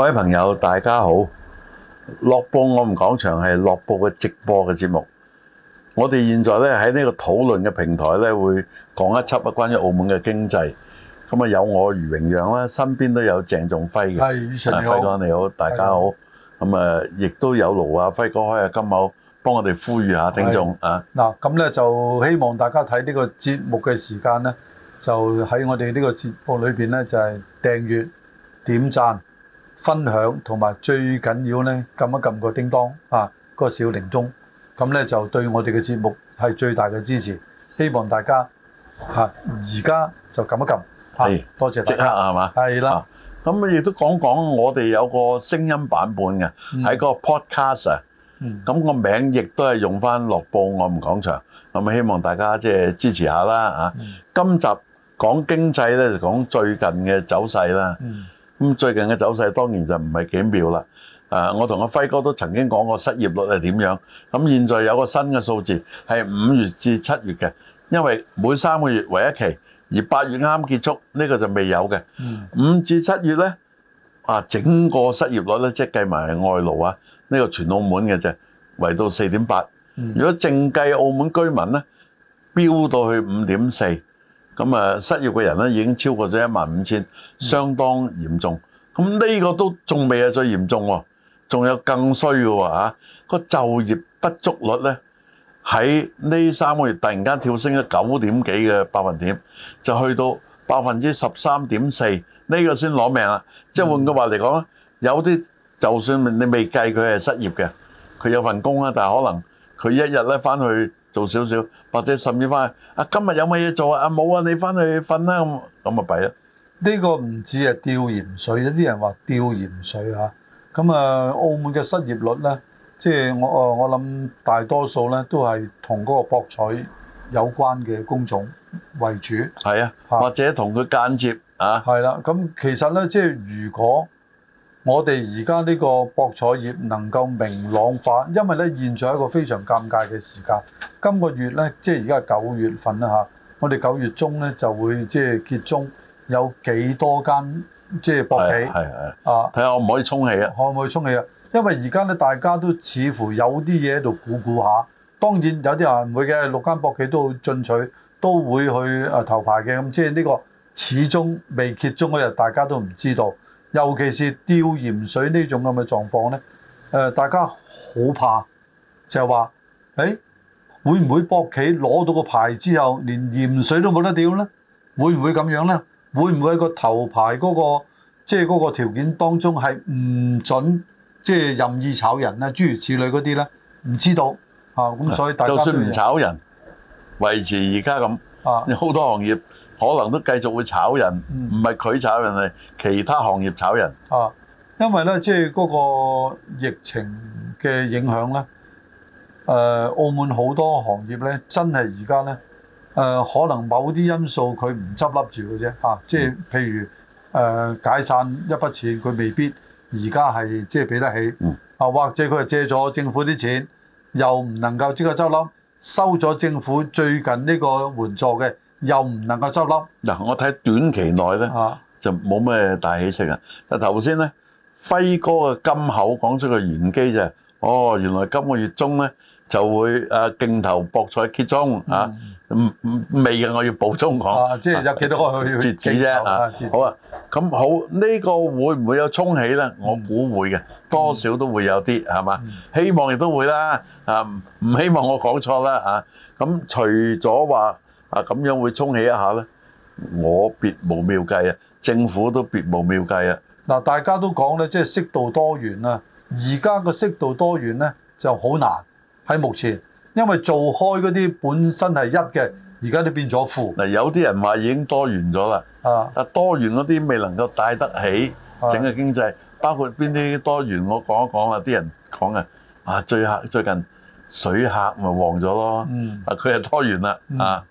各位朋友，大家好！樂報我們講場係樂報嘅直播嘅節目。我哋現在咧喺呢個討論嘅平台咧，會講一輯關於澳門嘅經濟。咁啊，有我余榮讓啦，身邊都有鄭仲輝嘅。係余常好，輝哥你好，大家好。咁啊的，亦、嗯、都有勞啊，輝哥開金某下金口，幫我哋呼籲下聽眾啊。嗱，咁咧就希望大家睇呢個節目嘅時間咧，就喺我哋呢個節目裏邊咧，就係訂閱、點讚。分享，同埋最緊要呢，撳一撳個叮當啊，個小鈴鐘，咁、啊、呢，就對我哋嘅節目係最大嘅支持。希望大家嚇而家就撳一撳，係、啊、是多謝大家即刻啊嘛，係啦。咁亦、啊、都講講我哋有個聲音版本嘅喺、嗯、個 Podcast，咁、嗯、個名亦都係用翻《樂報我唔講場》，咁希望大家即係支持下啦嚇。啊啊嗯、今集講經濟呢，就講最近嘅走勢啦。嗯咁最近嘅走勢當然就唔係幾妙啦。誒，我同阿輝哥都曾經講過失業率係點樣。咁現在有個新嘅數字係五月至七月嘅，因為每三個月為一期，而八月啱啱結束，呢個就未有嘅。五至七月呢，啊，整個失業率呢，即係計埋外勞啊，呢個全澳門嘅啫，為到四點八。如果淨計澳門居民呢，飆到去五點四。咁啊，失業嘅人咧已經超過咗一萬五千，相當嚴重。咁呢個都仲未係最嚴重喎，仲有更衰嘅喎嚇。個就業不足率咧，喺呢三個月突然間跳升咗九點幾嘅百分點，就去到百分之十三點四。呢個先攞命啦。即係換句話嚟講，有啲就算你未計佢係失業嘅，佢有份工啦，但係可能佢一日咧返去。做少少，或者甚至翻去啊，今日有乜嘢做啊？啊冇啊，你翻去瞓啦咁，咁咪弊啦。呢個唔止係吊鹽水，有啲人話吊鹽水嚇。咁啊，澳門嘅失業率咧，即係我啊，我諗大多數咧都係同嗰個博彩有關嘅工種為主。係啊，或者同佢間接啊。係啦，咁其實咧，即係如果，我哋而家呢個博彩業能夠明朗化，因為咧現在係一個非常尷尬嘅時間。今個月咧，即係而家九月份啦嚇，我哋九月中咧就會即係結中，有幾多間即係博企啊？睇下可唔可以沖起啊？可唔可以沖起啊？因為而家咧大家都似乎有啲嘢喺度估估下。當然有啲人唔會嘅六間博企都會進取，都會去誒頭牌嘅咁。即係呢個始終未結中嗰日，大家都唔知道。尤其是吊鹽水種呢種咁嘅狀況咧，誒、呃、大家好怕，就係、是、話：誒會唔會博企攞到個牌之後，連鹽水都冇得掉咧？會唔會咁樣咧？會唔會喺個頭牌嗰、那個即係嗰個條件當中係唔準即係、就是、任意炒人咧？諸如此類嗰啲咧，唔知道啊。咁所以大家就算唔炒人，維持而家咁，好多行業。啊可能都繼續會炒人，唔係佢炒人係其他行業炒人。嗯、啊，因為咧即係嗰個疫情嘅影響咧，誒、呃、澳門好多行業咧真係而家咧誒可能某啲因素佢唔執笠住嘅啫。啊，即、就、係、是、譬如誒、呃、解散一筆錢佢未必而家係即係俾得起。啊，或者佢係借咗政府啲錢，又唔能夠即刻執笠收咗政府最近呢個援助嘅。又唔能夠執笠嗱，我睇短期內咧就冇咩大起色啊！但頭先咧輝哥嘅金口講出個玄機啫，哦，原來今個月中咧就會誒競投博彩揭盅嚇，唔唔未嘅我要補充講，即係有幾多個截止啫嚇，好啊！咁好呢個會唔會有沖起咧？我估會嘅，多少都會有啲係嘛？希望亦都會啦，啊唔希望我講錯啦嚇！咁除咗話啊咁樣會沖起一下咧，我別無妙計啊，政府都別無妙計啊。嗱，大家都講咧，即係適度多元啊。而家個適度多元咧就好難喺目前，因為做開嗰啲本身係一嘅，而家都變咗負。嗱，有啲人話已經多元咗啦。啊，但多元嗰啲未能夠帶得起整個經濟，包括邊啲多元？我講一講啊，啲人講嘅啊，最客最近水客咪旺咗咯。嗯，啊，佢係多元啦。啊。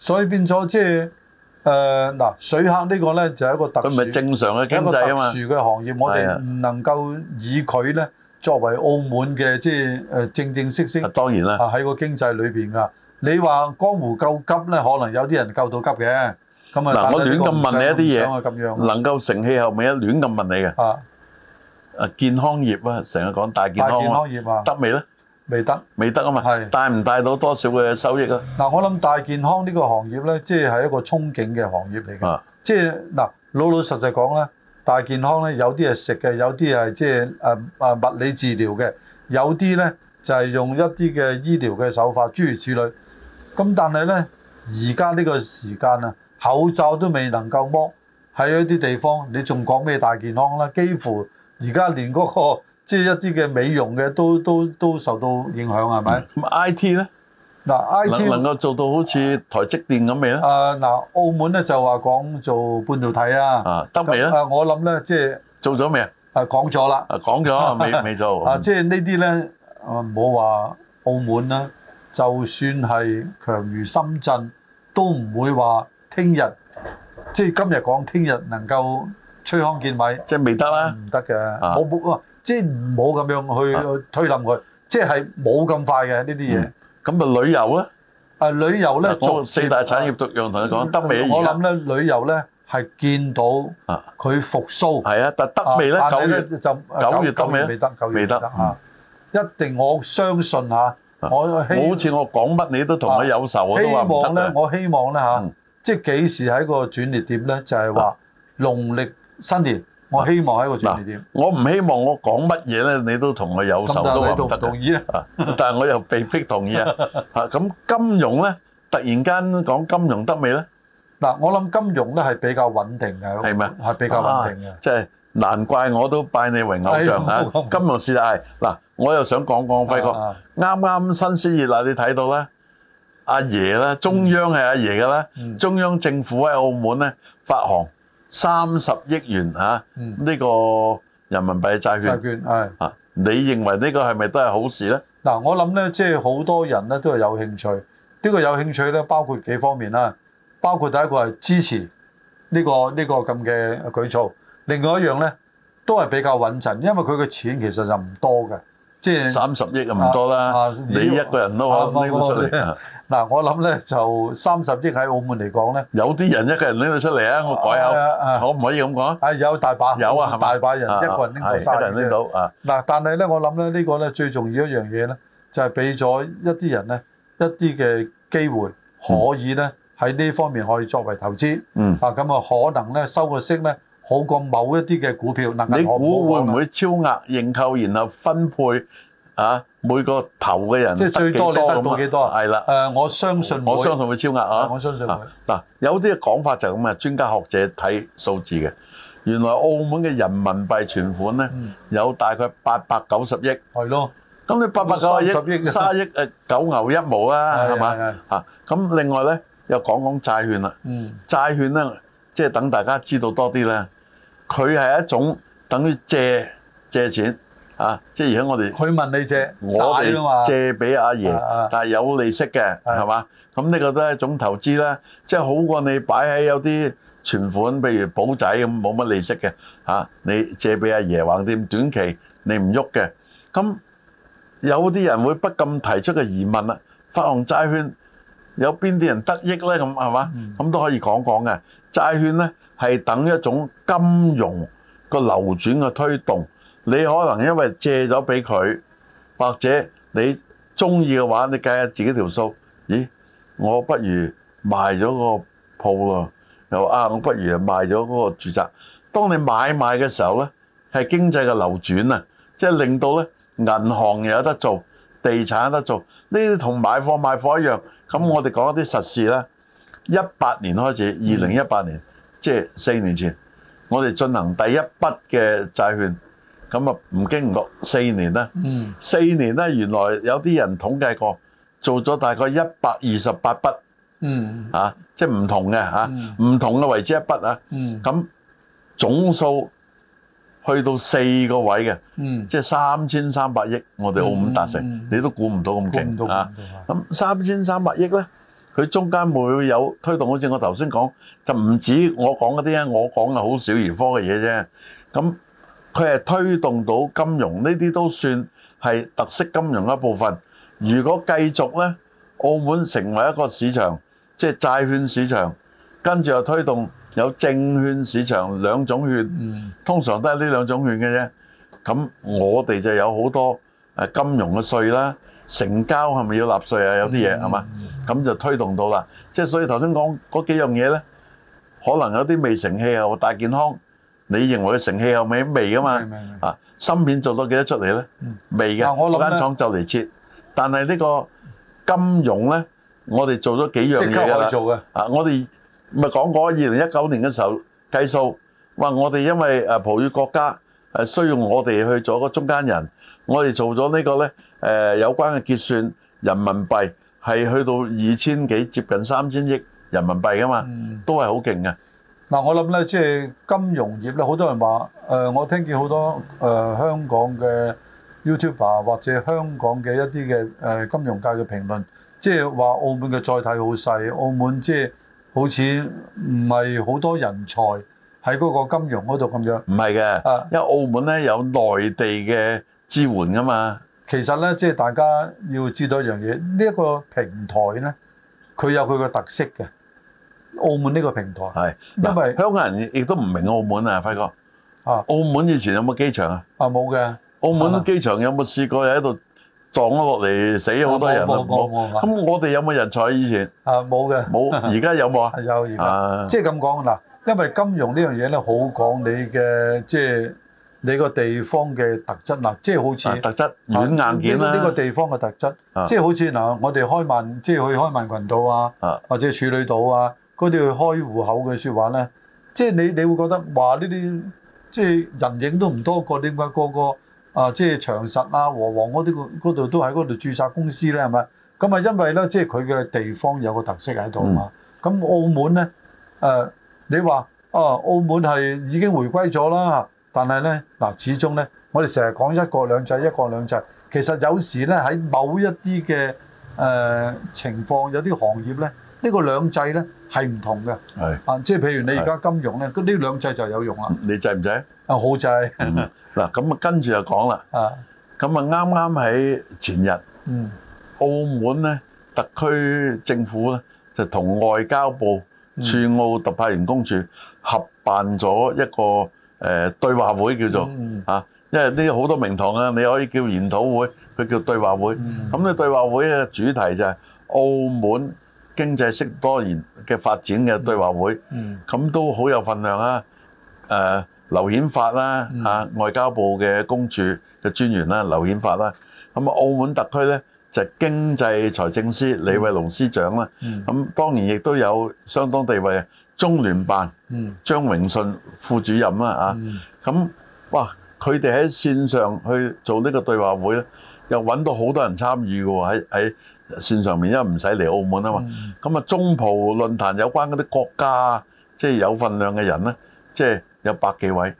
所以變咗即係誒嗱水客呢個咧就係一個特殊，佢唔係正常嘅經濟啊嘛。特殊嘅行業，我哋唔能夠以佢咧作為澳門嘅即係誒正正式式。當然啦，喺個經濟裏邊噶，你話江湖救急咧，可能有啲人救到急嘅。咁啊，嗱我亂咁問你一啲嘢，能夠成氣後面啊亂咁問你嘅。啊，健康業啊，成日講大健康業啊，得未咧？未得，未得啊嘛！係帶唔帶到多少嘅收益啊？嗱，我諗大健康呢個行業咧，即係一個憧憬嘅行業嚟嘅。即係嗱，老老實實講啦，大健康咧有啲係食嘅，有啲係即係誒誒物理治療嘅，有啲咧就係用一啲嘅醫療嘅手法，諸如此類。咁但係咧，而家呢個時間啊，口罩都未能夠剝，喺一啲地方你仲講咩大健康啦？幾乎而家連嗰個。即係一啲嘅美容嘅都都都受到影響係咪？咁 I T 咧，嗱 I T 能能夠做到好似台積電咁未咧？啊嗱、呃，澳門咧就話講做半導體啊，得未啊？我諗咧，即、就、係、是、做咗未、呃、啊？誒講咗啦，講咗未未做啊？即係呢啲咧，唔好話澳門啦，就算係強如深圳，都唔會話聽日，即係今日講聽日能夠吹糠見米，即係未得啦、啊，唔得嘅，冇冇即係唔好咁樣去去推諉佢，即係冇咁快嘅呢啲嘢。咁啊旅遊咧？啊旅遊咧，做四大產業逐樣同你講，得未而家？我諗咧旅遊咧係見到啊，佢復甦。係啊，但得未咧？九月就九月得未？未得，九月未得！一定我相信嚇，我希。好似我講乜你都同佢有仇，我都話唔得。我希望咧，我希望咧嚇，即係幾時喺個轉捩點咧？就係話農曆新年。我希望喺個轉點。我唔希望我講乜嘢咧，你都同我有仇都唔得嘅。但係我又被迫同意啊。咁金融咧，突然間講金融得未咧？嗱，我諗金融咧係比較穩定嘅，係咪啊？係比較穩定嘅。即係難怪我都拜你為偶像啊！金融事實係嗱，我又想講講輝哥。啱啱新鮮熱辣，你睇到咧，阿爺咧，中央係阿爺嘅啦，中央政府喺澳門咧發行三十億元嚇，呢、嗯、個人民幣債券，債券係啊，你認為呢個係咪都係好事呢？嗱，我諗呢，即係好多人呢都係有興趣，呢、這個有興趣呢，包括幾方面啦，包括第一個係支持呢、這個呢、這個咁嘅舉措，另外一樣呢，都係比較穩陣，因為佢嘅錢其實就唔多嘅。即係三十億啊，唔多啦，你一個人都可以拎到出嚟。嗱，我諗咧就三十億喺澳門嚟講咧，有啲人一個人拎到出嚟啊！我改下，我唔可以咁講啊！係有大把，有啊，係嘛？大把人一個人拎到，三個人拎到啊！嗱，但係咧，我諗咧呢個咧最重要一樣嘢咧，就係俾咗一啲人咧一啲嘅機會，可以咧喺呢方面可以作為投資。嗯。啊，咁啊，可能咧收個息咧。好過某一啲嘅股票能夠。嗱，你估會唔會超額認購，然後分配啊每個投嘅人即係最多你得到幾多啊？係啦，誒我相信我相信會超額啊！我相信嗱，啊、有啲嘅講法就係咁嘅，專家學者睇數字嘅。原來澳門嘅人民幣存款咧有大概八百九十億，係咯。咁你八百九十億三億誒九牛一毛啊、嗯，係嘛啊？咁另外咧又講講債券啦，債券咧即係等大家知道多啲咧。佢係一種等於借借錢啊，即係而家我哋佢問你借，我哋借俾阿爺，但係有利息嘅，係嘛？咁呢個都係一種投資啦，即係好過你擺喺有啲存款，譬如保仔咁冇乜利息嘅嚇，你借俾阿爺，橫掂短期你唔喐嘅，咁有啲人會不禁提出個疑問啦，發行債券有邊啲人得益咧？咁係嘛？咁都可以講講嘅債券咧。係等一種金融個流轉嘅推動，你可能因為借咗俾佢，或者你中意嘅話，你計下自己條數。咦，我不如賣咗個鋪咯，又啊，我不如賣咗嗰個住宅。當你買賣嘅時候咧，係經濟嘅流轉啊，即係令到咧銀行有得做，地產有得做。呢啲同買貨賣貨一樣。咁我哋講一啲實事啦。一八年開始，二零一八年。即係四年前，我哋進行第一筆嘅債券，咁啊唔經唔覺四年啦，四、嗯、年啦，原來有啲人統計過，做咗大概一百二十八筆，啊，即係唔同嘅啊，唔同嘅為之一筆啊，咁總數去到四個位嘅，嗯、即係三千三百億，我哋澳門達成，嗯嗯、你都估唔到咁勁、嗯嗯嗯、啊！咁三千三百億咧？佢中間會有推動，好似我頭先講，就唔止我講嗰啲啊，我講嘅好小兒科嘅嘢啫。咁佢係推動到金融呢啲，都算係特色金融一部分。如果繼續咧，澳門成為一個市場，即係債券市場，跟住又推動有證券市場兩種券，通常都係呢兩種券嘅啫。咁我哋就有好多誒金融嘅稅啦，成交係咪要納稅啊？有啲嘢係嘛？咁就推動到啦，即係所以頭先講嗰幾樣嘢咧，可能有啲未成氣候大健康，你認為佢成氣候未？未噶嘛？啊，芯片做到幾多出嚟咧？未㗎。嗰間廠就嚟撤，但係呢個金融咧，我哋做咗幾樣嘢噶啦。啊，我哋咪講過二零一九年嘅時候計數，話，我哋因為誒葡語國家誒需要我哋去做個中間人，我哋做咗呢個咧誒有關嘅結算人民幣。係去到二千幾，接近三千億人民幣噶嘛，都係好勁嘅。嗱，我諗咧，即係金融業咧，好多人話，誒，我聽見好多誒香港嘅 YouTuber 或者香港嘅一啲嘅誒金融界嘅評論，即係話澳門嘅載體好細，澳門即係好似唔係好多人才喺嗰個金融嗰度咁樣。唔係嘅，啊，因為澳門咧有內地嘅支援噶嘛。其實咧，即係大家要知道一樣嘢，呢一個平台咧，佢有佢嘅特色嘅。澳門呢個平台，係，因為香港人亦都唔明澳門啊，輝哥。啊。澳門以前有冇機場啊？啊，冇嘅。澳門機場有冇試過喺度撞咗落嚟，死好多人啊？冇冇。咁我哋有冇人才以前？啊，冇嘅。冇，而家有冇啊？有而家。即係咁講嗱，啊，因為金融呢樣嘢咧，好講你嘅即係。你個地方嘅特質啦，即係好似特質軟硬件啦，呢個地方嘅特質，即係好似嗱、啊，啊啊、我哋開曼，即係去開曼群島啊，啊或者處女島啊，嗰啲去開戶口嘅説話咧，即係你你會覺得話呢啲，即係人影都唔多個，點解個個啊即係長實啊和黃嗰啲個度都喺嗰度註冊公司咧？係咪？咁啊，因為咧，即係佢嘅地方有個特色喺度嘛。咁、嗯、澳門咧，誒、啊，你話啊，澳門係已經回歸咗啦。但係咧，嗱，始終咧，我哋成日講一國兩制，一國兩制。其實有時咧，喺某一啲嘅誒情況，有啲行業咧，這個、兩呢個兩制咧係唔同嘅。係是啊，即係譬如你而家金融咧，呢啲兩制就有用啦。你制唔制？啊，好制。嗱、嗯，咁、嗯、啊，跟、嗯、住就講啦。啊是，咁啊、嗯，啱啱喺前日，嗯，澳門咧，特區政府咧就同外交部駐、嗯、澳特派員公署合辦咗一個。誒對話會叫做嚇，因為呢好多名堂啊！你可以叫研討會，佢叫對話會。咁咧對話會嘅主題就係澳門經濟適多元嘅發展嘅對話會，咁都好有份量啦。誒劉顯法啦嚇，外交部嘅公署嘅專員啦，劉顯法啦。咁啊，澳門特區咧就經濟財政司李慧龍司長啦，咁當然亦都有相當地位。中聯辦張榮信副主任啊，啊咁哇，佢哋喺線上去做呢個對話會咧，又揾到好多人參與嘅喎，喺喺線上面，因為唔使嚟澳門啊嘛。咁啊，中葡論壇有關嗰啲國家啊，即係有份量嘅人咧，即係有百幾位。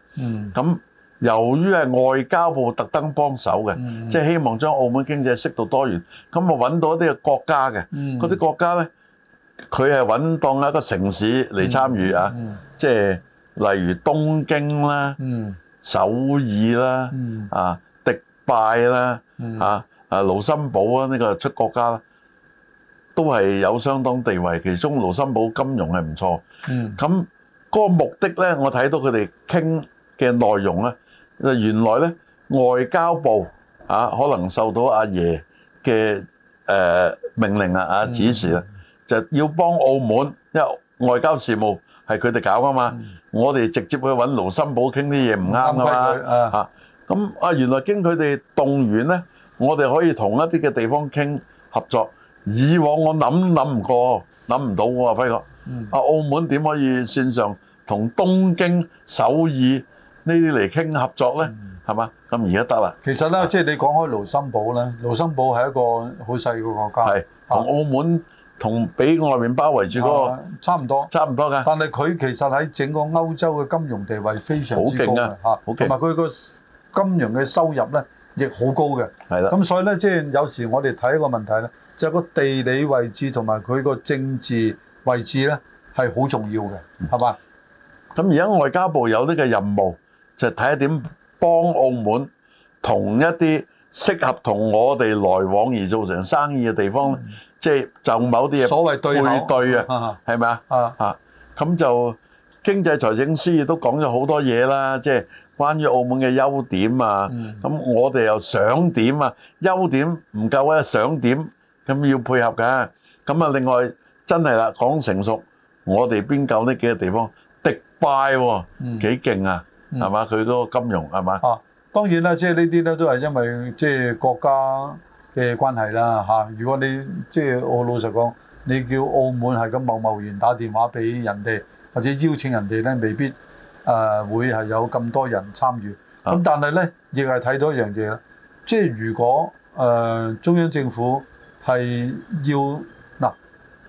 咁由於係外交部特登幫手嘅，即係希望將澳門經濟適度多元，咁啊揾到一啲嘅國家嘅嗰啲國家咧，佢係穩當一個城市嚟參與啊！即係例如東京啦、首爾啦、啊迪拜啦、啊啊盧森堡啊，呢個出國家啦，都係有相當地位。其中盧森堡金融係唔錯。咁嗰個目的咧，我睇到佢哋傾嘅內容咧，原來咧外交部啊，可能受到阿爺嘅誒命令啊、啊指示啊。就係要幫澳門，因為外交事務係佢哋搞啊嘛，我哋直接去揾盧森堡傾啲嘢唔啱噶嘛。啊，咁啊，原來經佢哋動員咧，我哋可以同一啲嘅地方傾合作。以往我諗諗唔過，諗唔到喎，輝哥。嗯。啊，澳門點可以線上同東京、首爾呢啲嚟傾合作咧？係嘛？咁而家得啦。其實咧，即係你講開盧森堡咧，盧森堡係一個好細個國家，同澳門。同俾外面包圍住嗰、那個、啊、差唔多，差唔多㗎。但係佢其實喺整個歐洲嘅金融地位非常之高嘅嚇，好勁，同埋佢個金融嘅收入咧亦好高嘅。係啦的。咁所以咧，即、就、係、是、有時我哋睇一個問題咧，就是、個地理位置同埋佢個政治位置咧係好重要嘅，係嘛、嗯？咁而家外交部有呢個任務，就係睇點幫澳門同一啲適合同我哋來往而做成生意嘅地方。嗯即係就某啲嘢所謂配對啊，係咪啊？啊咁就經濟財政司亦都講咗好多嘢啦，即係關於澳門嘅優點啊。咁我哋又想點啊？優點唔夠咧，想點咁要配合嘅。咁啊，另外真係啦，講成熟，我哋邊夠呢幾個地方？迪拜喎，幾勁啊，係嘛？佢嗰個金融係嘛？當然啦，即係呢啲咧都係因為即係國家。嘅關係啦嚇，如果你即係我老實講，你叫澳門係咁貿貿然打電話俾人哋，或者邀請人哋咧，未必誒、呃、會係有咁多人參與。咁但係咧，亦係睇到一樣嘢啦，即係如果誒、呃、中央政府係要嗱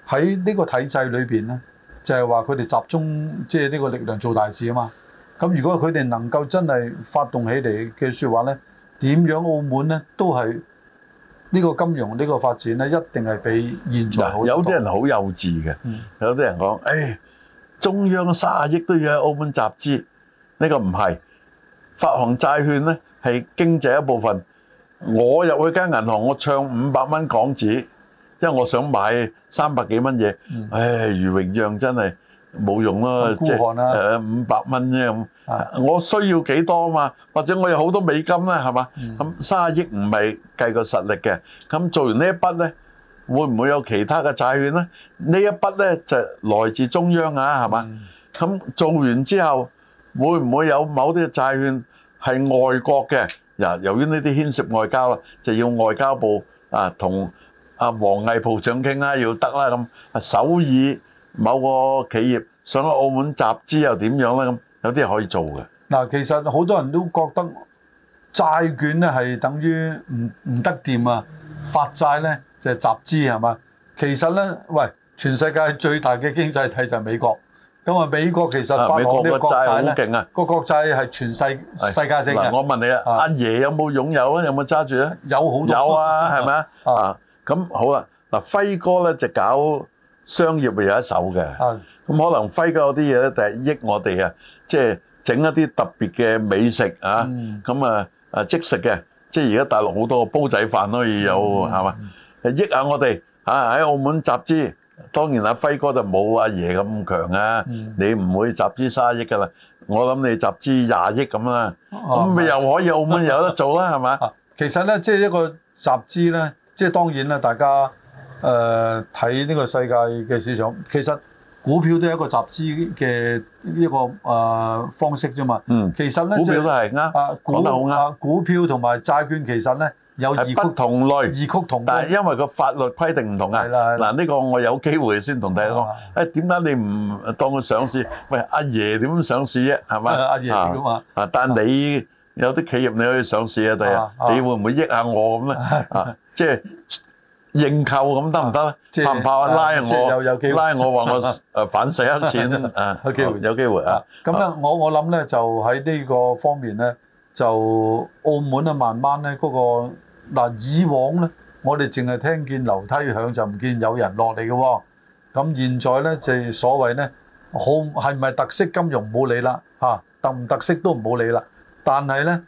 喺呢個體制裏邊咧，就係話佢哋集中即係呢個力量做大事啊嘛。咁如果佢哋能夠真係發動起嚟嘅説話咧，點樣澳門咧都係。呢個金融呢、呢個發展咧，一定係比現在好。有啲人好幼稚嘅，嗯、有啲人講，誒、哎，中央三億都要喺澳門集資，呢、呢個唔係。發行債券呢，係經濟一部分。我入去間銀行，我唱五百蚊港紙，因為我想買三百幾蚊嘢。唉、哎，余榮讓真係。冇用啦，嗯、即係誒五百蚊啫咁。呃啊、我需要幾多啊嘛？或者我有好多美金咧，係嘛？咁卅億唔係計個實力嘅。咁做完呢一筆咧，會唔會有其他嘅債券咧？呢一筆咧就是、來自中央啊，係嘛？咁做完之後，會唔會有某啲嘅債券係外國嘅？呀，由於呢啲牽涉外交啦，就要外交部啊同阿、啊、王毅部長傾啦、啊，要得啦咁啊首爾。某個企業上咗澳門集資又點樣咧？咁有啲嘢可以做嘅。嗱，其實好多人都覺得債券咧係等於唔唔得掂啊，發債咧就係集資，係嘛。其實咧，喂，全世界最大嘅經濟體就係美國。咁啊，美國其實發呢個國債好勁啊，個國債係全世世界性嘅。我問你啊，是阿爺有冇擁有，有，有，有，有，有啊？有冇揸住咧？有好多，有啊，係咪？啊，咁、啊、好啦。嗱，輝哥咧就搞。啊商業咪有一手嘅，咁可能輝哥嗰啲嘢咧，第係益我哋啊，即係整一啲特別嘅美食啊，咁啊啊即食嘅，即係而家大陸好多煲仔飯都可以有，係嘛？益下我哋啊喺澳門集資，當然阿輝哥就冇阿爺咁強啊，你唔會集資卅億㗎啦，我諗你集資廿億咁啦，咁咪又可以澳門有得做啦，係咪？其實咧，即係一個集資咧，即係當然啦，大家。誒睇呢個世界嘅市場，其實股票都係一個集資嘅一個誒方式啫嘛。嗯，其實咧，股票都係啱，講得好啱。股票同埋債券其實咧有異曲同類，異曲同工。但係因為個法律規定唔同啊。係啦，嗱呢個我有機會先同大家講。誒點解你唔當佢上市？喂，阿爺點樣上市啫？係咪？阿爺住㗎嘛？啊，但你有啲企業你可以上市啊，第日你會唔會益下我咁咧？啊，即係。認購咁得唔得咧？怕唔怕拉我？拉我話我誒反洗黑錢啊！有機會，有機會啊！咁咧，我我諗咧就喺呢個方面咧，就澳門咧慢慢咧嗰個嗱，以往咧我哋淨係聽見樓梯響就唔見有人落嚟嘅喎。咁現在咧就所謂咧好，係咪特色金融唔好理啦嚇，特唔特色都唔好理啦。但係咧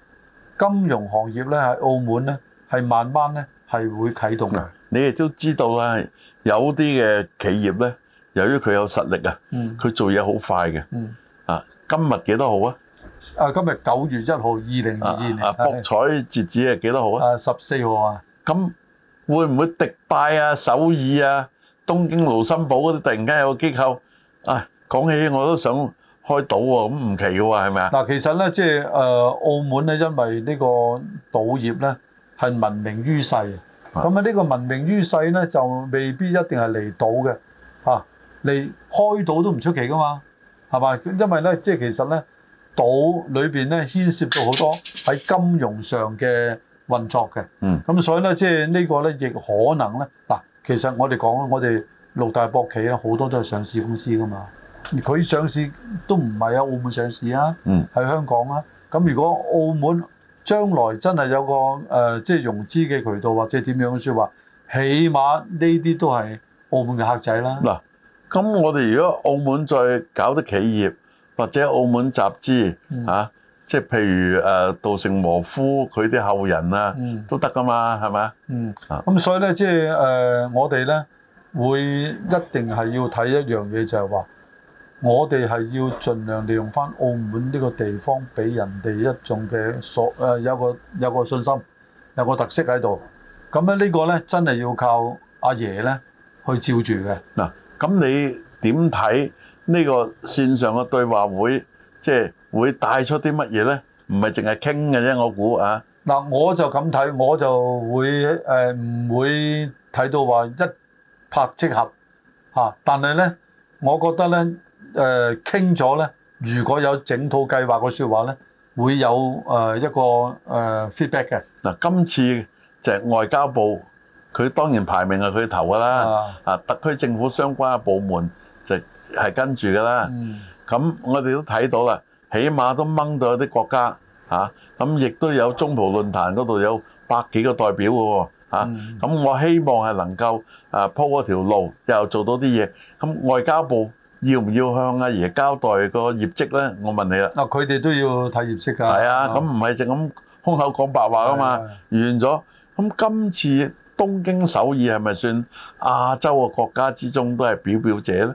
金融行業咧喺澳門咧係慢慢咧係會啟動嘅。你哋都知道啦，有啲嘅企業咧，由於佢有實力啊，佢做嘢好快嘅。啊，今日幾多號啊？啊，今日九月一號，二零二二年。啊，博彩截止係幾多號啊？啊，十四號啊。咁會唔會迪拜啊、首爾啊、東京、盧森堡嗰啲突然間有個機構啊？講起我都想開賭喎，咁唔奇嘅喎，係咪啊？嗱，其實咧，即係誒澳門咧，因為呢個賭業咧係聞名於世。咁啊，呢、嗯、個文明於世咧，就未必一定係離島嘅，嚇、啊，離開島都唔出奇噶嘛，係嘛？因為咧，即係其實咧，島裏邊咧，牽涉到好多喺金融上嘅運作嘅，嗯，咁所以咧，即係呢個咧，亦可能咧，嗱、啊，其實我哋講，我哋六大博企咧，好多都係上市公司噶嘛，佢上市都唔係喺澳門上市啊，嗯，喺香港啊，咁、嗯嗯、如果澳門將來真係有個誒、呃，即係融資嘅渠道或者點樣嘅説話，起碼呢啲都係澳門嘅客仔啦。嗱，咁我哋如果澳門再搞啲企業或者澳門集資嚇、啊，即係譬如誒稻、呃、盛和夫佢啲後人啊，嗯、都得噶嘛，係咪、嗯、啊？咁所以咧，即係誒、呃、我哋咧會一定係要睇一樣嘢、就是，就係話。我哋係要盡量利用翻澳門呢個地方，俾人哋一種嘅所誒，有個有個信心，有個特色喺度。咁咧呢個咧真係要靠阿爺咧去照住嘅。嗱，咁你點睇呢個線上嘅對話會，即係會帶出啲乜嘢咧？唔係淨係傾嘅啫，我估啊。嗱，我就咁睇，我就會誒唔會睇到話一拍即合嚇，但係咧，我覺得咧。誒傾咗咧，如果有整套計劃嘅説話咧，會有誒一個誒 feedback 嘅。嗱，今次就係外交部，佢當然排名係佢頭㗎啦。啊，特區政府相關嘅部門就係跟住㗎啦。咁我哋都睇到啦，起碼都掹到有啲國家嚇，咁亦都有中葡論壇嗰度有百幾個代表㗎喎嚇。咁我希望係能夠啊鋪嗰條路，又做到啲嘢。咁外交部。要唔要向阿爺交代個業績咧？我問你啦。啊，佢哋都要睇業績㗎。係啊，咁唔係淨咁空口講白話㗎嘛，完咗。咁今次東京、首爾係咪算亞洲嘅國家之中都係表表者咧？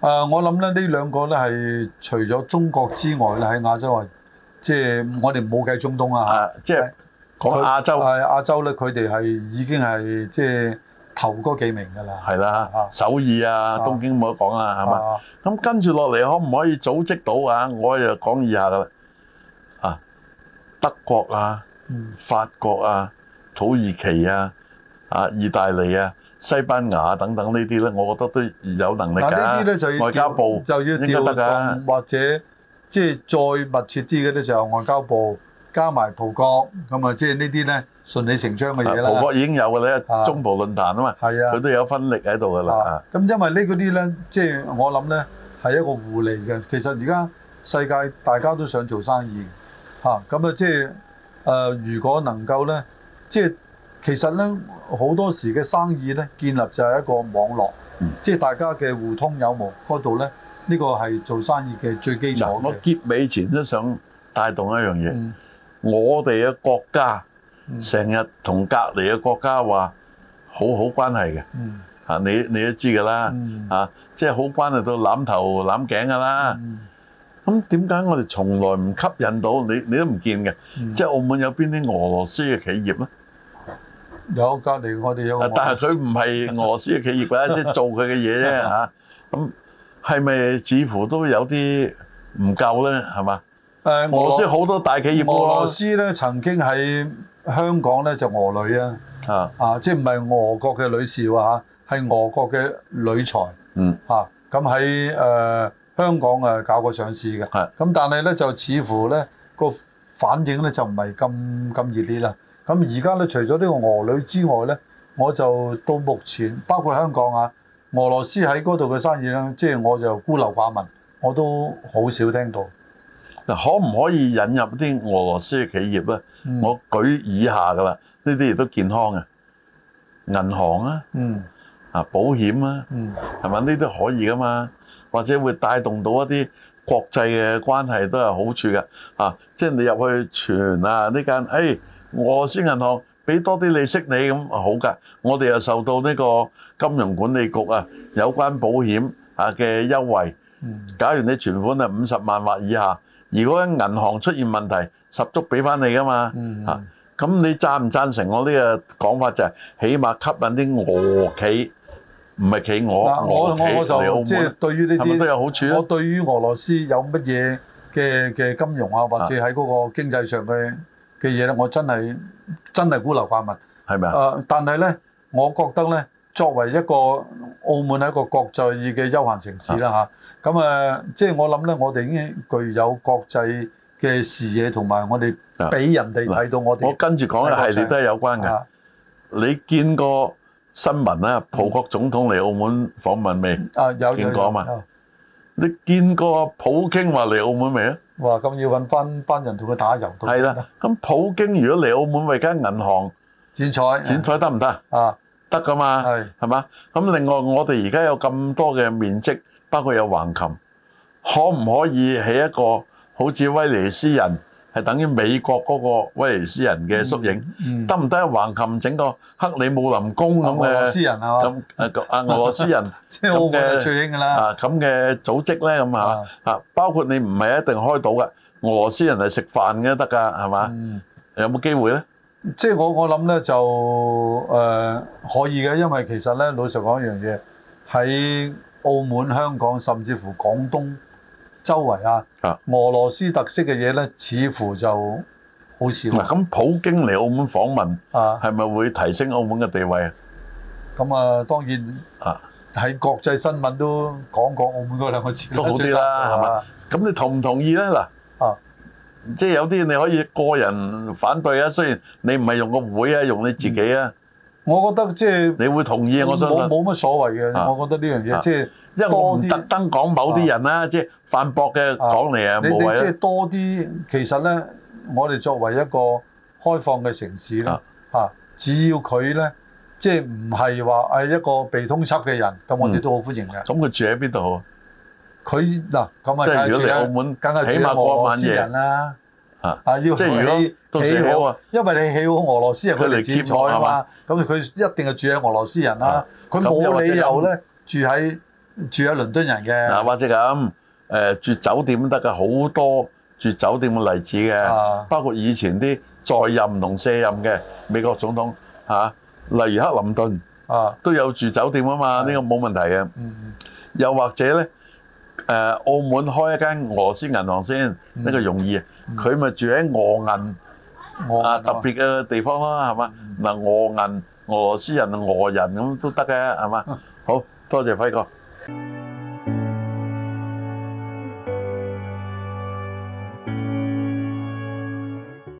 啊，我諗咧，呢兩個咧係除咗中國之外咧，喺亞洲啊，即係我哋冇計中東啊，即係講亞洲。係亞洲咧，佢哋係已經係即係。頭嗰幾名㗎啦，係啦的，啊、首爾啊、啊東京冇得講啦、啊，係嘛、啊？咁跟住落嚟可唔可以組織到啊？我又講以下啦，啊，德國啊、嗯、法國啊、土耳其啊、啊、意大利啊、西班牙等等呢啲咧，我覺得都有能力㗎、啊。呢啲咧就要外交部，應該得㗎，或者即係再密切啲嘅，啲就外交部。加埋葡國咁啊，即係呢啲咧，順理成章嘅嘢啦。葡國已經有噶啦，啊、中葡論壇啊嘛，佢、啊、都有分力喺度噶啦。咁、啊、因為呢嗰啲咧，即、就、係、是、我諗咧係一個互利嘅。其實而家世界大家都想做生意嚇，咁啊即係誒，如果能夠咧，即、就、係、是、其實咧好多時嘅生意咧，建立就係一個網絡，即係、嗯、大家嘅互通有無嗰度咧，呢、這個係做生意嘅最基礎、呃、我結尾前都想帶動一樣嘢。嗯嗯我哋嘅國家成日同隔離嘅國家話好好關係嘅，啊你你都知㗎啦，啊即係好關係到攬頭攬頸㗎啦。咁點解我哋從來唔吸引到你？你都唔見嘅，即係澳門有邊啲俄羅斯嘅企業咧？有隔離，我哋有。但係佢唔係俄羅斯嘅企業㗎，即係做佢嘅嘢啫嚇。咁係咪似乎都有啲唔夠咧？係嘛？誒俄羅斯好多大企業，俄羅斯咧曾經喺香港咧就俄女啊，啊俄女，啊，即係唔係俄國嘅女士喎嚇，係俄國嘅女才，嗯，嚇咁喺誒香港誒搞過上市嘅，係、啊，咁但係咧就似乎咧個反應咧就唔係咁咁熱烈啦。咁而家咧除咗呢個俄女之外咧，我就到目前包括香港啊，俄羅斯喺嗰度嘅生意咧，即係我就孤陋寡聞，我都好少聽到。可唔可以引入啲俄羅斯嘅企業咧？嗯、我舉以下㗎啦，呢啲亦都健康嘅銀行啊，啊、嗯、保險啊，係咪、嗯？呢都可以㗎嘛？或者會帶動到一啲國際嘅關係都係好處嘅。啊，即、就、係、是、你入去存啊呢間，誒、哎、俄羅斯銀行俾多啲利息你咁好㗎。我哋又受到呢個金融管理局啊有關保險啊嘅優惠。假如你存款係五十萬或以下。如果銀行出現問題，十足俾翻你㗎嘛？啊，咁你贊唔贊成我呢個講法就係，起碼吸引啲俄企，唔係企俄，我企嚟澳門，係咪都有好處？我對於俄羅斯有乜嘢嘅嘅金融啊，或者喺嗰個經濟上嘅嘅嘢咧，我真係真係孤陋寡聞，係咪啊？誒，但係咧，我覺得咧，作為一個澳門係一個國際嘅休閒城市啦，嚇。咁啊，即係我諗咧，我哋已經具有國際嘅視野，同埋我哋俾人哋睇到我哋。我跟住講嘅系列都係有關嘅。你見過新聞啊？普京總統嚟澳門訪問未？啊，有見過啊嘛？你見過普京話嚟澳門未啊？哇！咁要揾翻班人同佢打遊對。係啦。咁普京如果嚟澳門，為間銀行剪彩、剪彩得唔得啊？得噶嘛？係係嘛？咁另外，我哋而家有咁多嘅面積，包括有橫琴，可唔可以起一個好似威尼斯人，係等於美國嗰個威尼斯人嘅縮影？得唔得？橫琴整個克里姆林宮咁嘅、嗯嗯啊、俄羅斯人係咁、嗯、 啊俄羅斯人即係澳門最英㗎啦，啊咁嘅組織咧，咁係嘛啊？包括你唔係一定開到嘅俄羅斯人係食飯嘅得㗎係嘛？嗯、有冇機會咧？即係我我諗咧，就誒可以嘅，因為其實咧老實講一樣嘢喺。澳門、香港甚至乎廣東周圍啊，啊俄羅斯特色嘅嘢咧，似乎就好少。咁、啊、普京嚟澳門訪問，係咪、啊、會提升澳門嘅地位啊？咁啊，當然啊，喺國際新聞都講講澳門嗰兩個字都好啲啦，係嘛？咁吧你同唔同意咧？嗱、啊，即係有啲你可以個人反對啊。雖然你唔係用個會啊，用你自己啊、嗯。我覺得即係你會同意，我想冇冇乜所謂嘅。我覺得呢樣嘢即係因為我唔特登講某啲人啦，即係反駁嘅講嚟啊冇謂，你你即係多啲。其實咧，我哋作為一個開放嘅城市啦，嚇只要佢咧即係唔係話係一個被通緝嘅人，咁我哋都好歡迎嘅。咁佢住喺邊度啊？佢，嗱，咁啊，如果喺澳門，梗係起碼過萬人啦。啊！啊！即係如果你起好啊，因為你起好俄羅斯人佢嚟揭綵啊嘛，咁佢吧一定係住喺俄羅斯人啦、啊。佢冇的理由咧住喺住喺倫敦人嘅。啊，或者咁誒、呃、住酒店都得嘅，好多住酒店嘅例子嘅，的包括以前啲在任同卸任嘅美國總統嚇、啊，例如克林頓啊，都有住酒店啊嘛，呢個冇問題嘅。嗯。又或者咧？呃、澳門開一間俄羅斯銀行先，呢、嗯、個容易。佢咪、嗯、住喺俄銀，俄銀啊特別嘅地方咯，係嘛、嗯？嗱俄銀俄羅斯人俄人咁都得嘅，係嘛？嗯、好多謝輝哥。